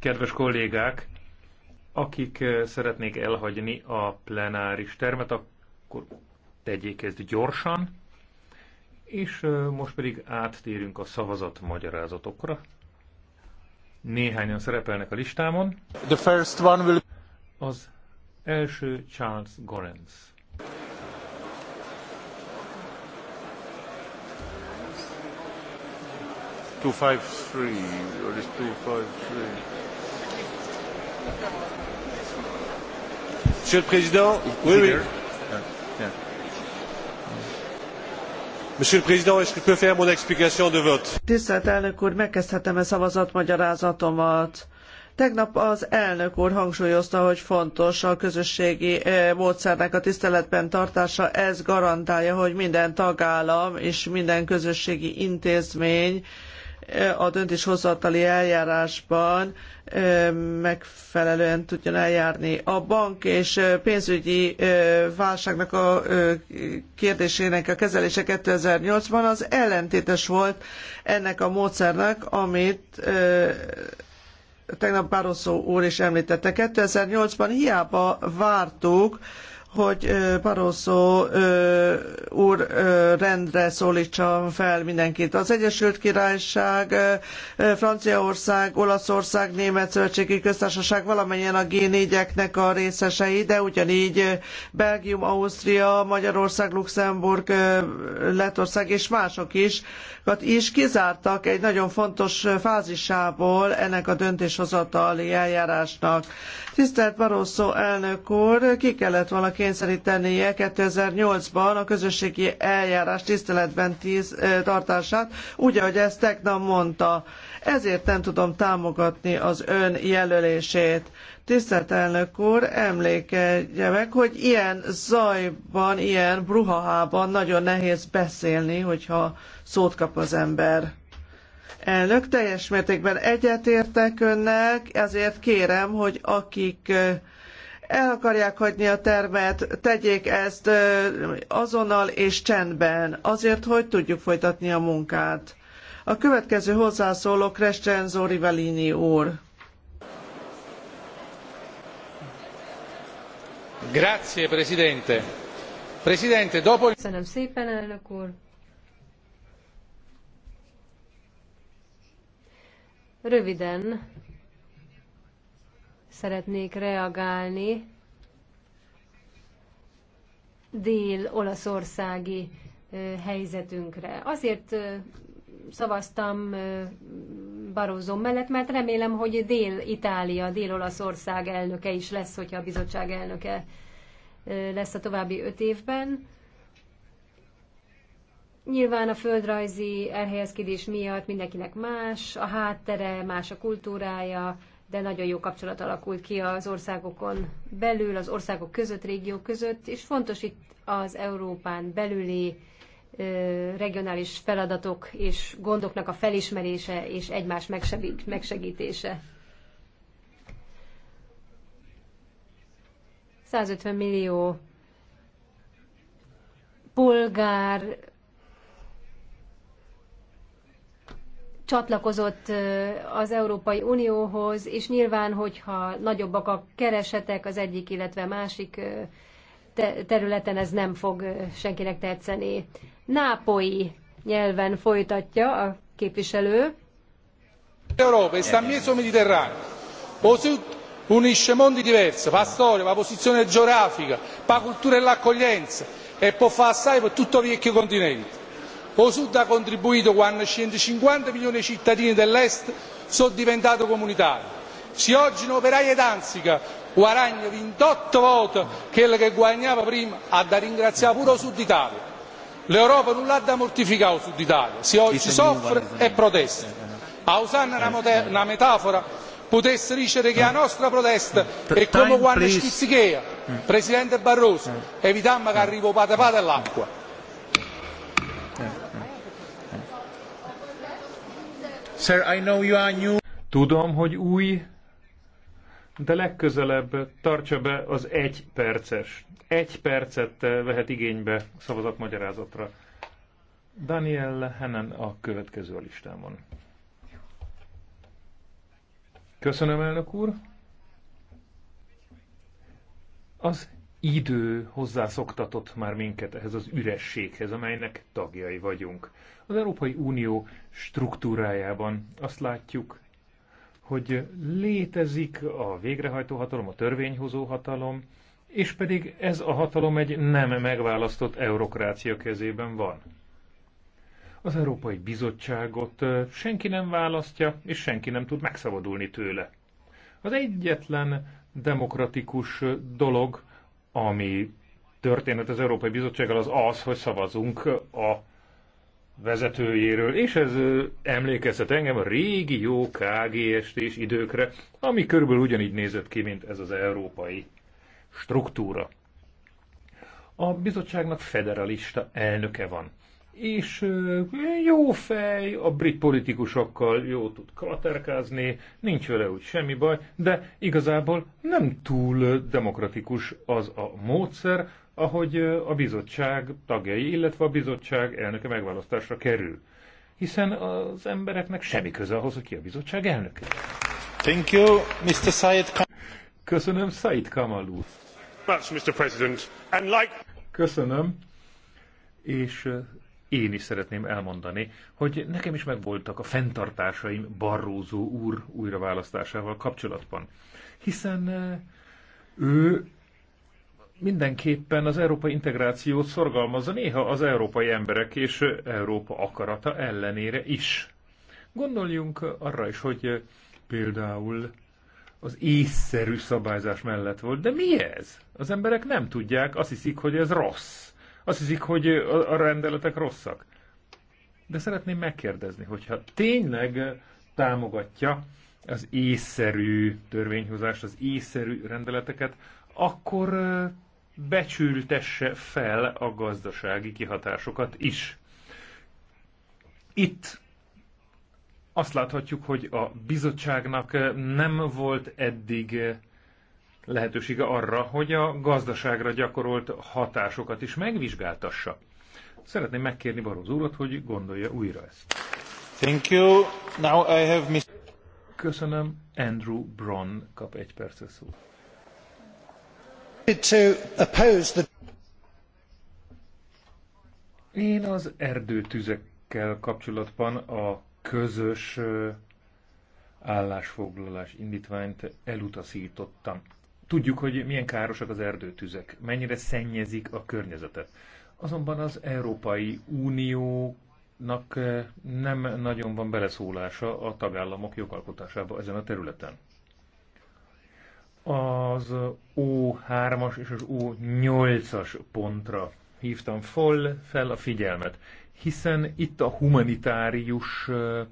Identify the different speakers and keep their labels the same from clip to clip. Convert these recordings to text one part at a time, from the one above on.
Speaker 1: Kedves kollégák, akik eh, szeretnék elhagyni a plenáris termet, akkor tegyék ezt gyorsan, és eh, most pedig áttérünk a szavazat magyarázatokra. Néhányan szerepelnek a listámon. The first one will... Az első Charles Gorenz. Monsieur
Speaker 2: le Président, oui, oui. Monsieur le Président, est-ce que je peux faire mon explication de vote? Tisztelt elnök úr, megkezdhetem-e szavazatmagyarázatomat? Tegnap az elnök úr hangsúlyozta, hogy fontos a közösségi eh, módszernek a tiszteletben tartása. Ez garantálja, hogy minden tagállam és minden közösségi intézmény a döntéshozatali eljárásban megfelelően tudjon eljárni. A bank és pénzügyi válságnak a kérdésének a kezelése 2008-ban az ellentétes volt ennek a módszernek, amit tegnap Barroso úr is említette. 2008-ban hiába vártuk, hogy Barroso úr rendre szólítsa fel mindenkit. Az Egyesült Királyság, Franciaország, Olaszország, Német Szövetségi Köztársaság valamennyien a G4-eknek a részesei, de ugyanígy Belgium, Ausztria, Magyarország, Luxemburg, Lettország és mások is, is kizártak egy nagyon fontos fázisából ennek a döntéshozatali eljárásnak. Tisztelt Barroso elnök úr, ki kellett valaki kényszerítenie 2008-ban a közösségi eljárás tiszteletben tíz, tartását, úgy, ahogy ezt tegnap mondta. Ezért nem tudom támogatni az ön jelölését. Tisztelt elnök úr, emlékezje meg, hogy ilyen zajban, ilyen bruhahában nagyon nehéz beszélni, hogyha szót kap az ember. Elnök, teljes mértékben egyetértek önnek, ezért kérem, hogy akik el akarják hagyni a termet, tegyék ezt azonnal és csendben, azért, hogy tudjuk folytatni a munkát. A következő hozzászóló Crescenzo Rivellini úr. Grazie, Presidente.
Speaker 3: Presidente, dopo... Köszönöm szépen, elnök úr. Röviden szeretnék reagálni dél-olaszországi helyzetünkre. Azért szavaztam barozom mellett, mert remélem, hogy Dél-Itália, Dél-Olaszország elnöke is lesz, hogyha a bizottság elnöke lesz a további öt évben. Nyilván a földrajzi elhelyezkedés miatt mindenkinek más, a háttere, más a kultúrája, de nagyon jó kapcsolat alakult ki az országokon belül, az országok között, régiók között, és fontos itt az Európán belüli regionális feladatok és gondoknak a felismerése és egymás megsegítése. 150 millió polgár csatlakozott az Európai Unióhoz, és nyilván, hogyha nagyobbak a keresetek az egyik, illetve másik területen, ez nem fog senkinek tetszeni. Nápoi nyelven folytatja a képviselő.
Speaker 1: Európa és sta mezzo unisce mondi diversi, fa storia, fa posizione geografica, fa cultura e l'accoglienza e può fare assai per tutto il vecchio continente COSUD ha contribuito quando 150 milioni di cittadini dell'Est sono diventati comunitari. Se oggi un operaio di Danzica guadagna 28 volte quello che guadagnava prima, ha da ringraziare pure il Sud Italia. L'Europa non l'ha da mortificare il Sud Italia, se oggi soffre e protesta. Eh, eh, eh. A usare una metafora, potesse dicere che la nostra protesta è come quando schizzichea presidente barroso evitammo che arriva 'o patapata e l'acqua. Sir, I know you are new. Tudom, hogy új, de legközelebb tartsa be az egy perces. Egy percet vehet igénybe szavazatmagyarázatra. Daniel Hennen a következő a listámon. Köszönöm, elnök úr. Az idő hozzászoktatott már minket ehhez az ürességhez, amelynek tagjai vagyunk. Az Európai Unió struktúrájában azt látjuk, hogy létezik a végrehajtó hatalom, a törvényhozó hatalom, és pedig ez a hatalom egy nem megválasztott eurokrácia kezében van. Az Európai Bizottságot senki nem választja, és senki nem tud megszabadulni tőle. Az egyetlen demokratikus dolog, ami történet az Európai Bizottsággal az az, hogy szavazunk a vezetőjéről, és ez emlékeztet engem a régi jó kgst és időkre, ami körülbelül ugyanígy nézett ki, mint ez az európai struktúra. A bizottságnak federalista elnöke van és jó fej, a brit politikusokkal jó tud klaterkázni, nincs vele úgy semmi baj, de igazából nem túl demokratikus az a módszer, ahogy a bizottság tagjai, illetve a bizottság elnöke megválasztásra kerül. Hiszen az embereknek semmi köze ahhoz, hogy ki a bizottság elnöke. Thank you, Mr. Said Kam- Köszönöm, Said Kamal úr. Much, Mr. President. And like... Köszönöm. És én is szeretném elmondani, hogy nekem is megvoltak a fenntartásaim Barrózó úr újraválasztásával kapcsolatban. Hiszen ő mindenképpen az európai integrációt szorgalmazza néha az európai emberek és Európa akarata ellenére is. Gondoljunk arra is, hogy például az észszerű szabályzás mellett volt. De mi ez? Az emberek nem tudják, azt hiszik, hogy ez rossz. Azt hiszik, hogy a rendeletek rosszak. De szeretném megkérdezni, hogyha tényleg támogatja az észszerű törvényhozást, az észszerű rendeleteket, akkor becsültesse fel a gazdasági kihatásokat is. Itt azt láthatjuk, hogy a bizottságnak nem volt eddig lehetősége arra, hogy a gazdaságra gyakorolt hatásokat is megvizsgáltassa. Szeretném megkérni Baróz úrat, hogy gondolja újra ezt. Thank you. Now I have mis- Köszönöm. Andrew Bron kap egy percet szót. Én az erdőtüzekkel kapcsolatban a közös állásfoglalás indítványt elutasítottam. Tudjuk, hogy milyen károsak az erdőtüzek, mennyire szennyezik a környezetet. Azonban az Európai Uniónak eh, nem nagyon van beleszólása a tagállamok jogalkotásába ezen a területen. Az O3-as és az O8-as pontra hívtam fel, fel a figyelmet, hiszen itt a humanitárius eh,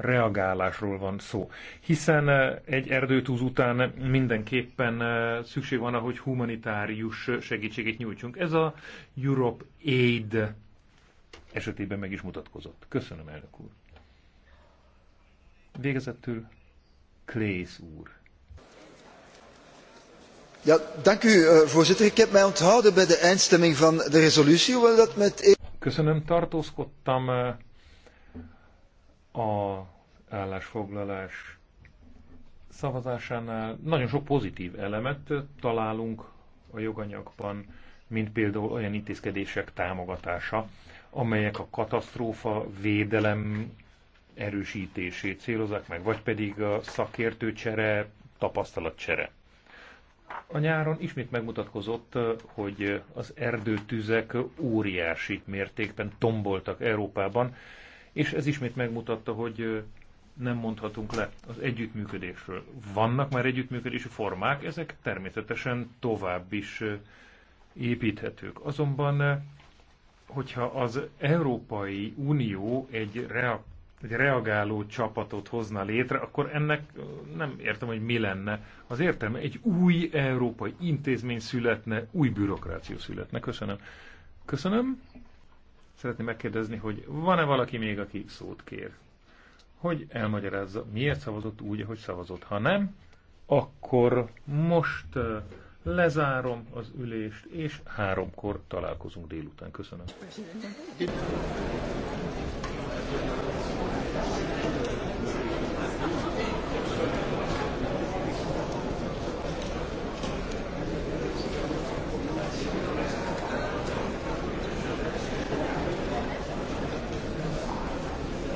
Speaker 1: reagálásról van szó. Hiszen egy erdőtúz után mindenképpen szükség van, hogy humanitárius segítséget nyújtsunk. Ez a Europe Aid esetében meg is mutatkozott. Köszönöm, elnök úr. Végezetül Klész úr.
Speaker 3: Ja, dank u, eh, voorzitter. Ik heb
Speaker 1: mij onthouden bij de eindstemming van de resolutie, hoewel dat met... Köszönöm, tartózkodtam eh, a állásfoglalás szavazásánál nagyon sok pozitív elemet találunk a joganyagban, mint például olyan intézkedések támogatása, amelyek a katasztrófa védelem erősítését célozzák meg, vagy pedig a szakértőcsere, tapasztalatcsere. A nyáron ismét megmutatkozott, hogy az erdőtüzek óriási mértékben tomboltak Európában, és ez ismét megmutatta, hogy nem mondhatunk le az együttműködésről. Vannak már együttműködési formák, ezek természetesen tovább is építhetők. Azonban, hogyha az Európai Unió egy, rea- egy reagáló csapatot hozna létre, akkor ennek nem értem, hogy mi lenne az értelme. Egy új európai intézmény születne, új bürokráció születne. Köszönöm. Köszönöm. Szeretném megkérdezni, hogy van-e valaki még, aki szót kér? Hogy elmagyarázza, miért szavazott úgy, ahogy szavazott. Ha nem, akkor most lezárom az ülést, és háromkor találkozunk délután. Köszönöm. Köszönöm.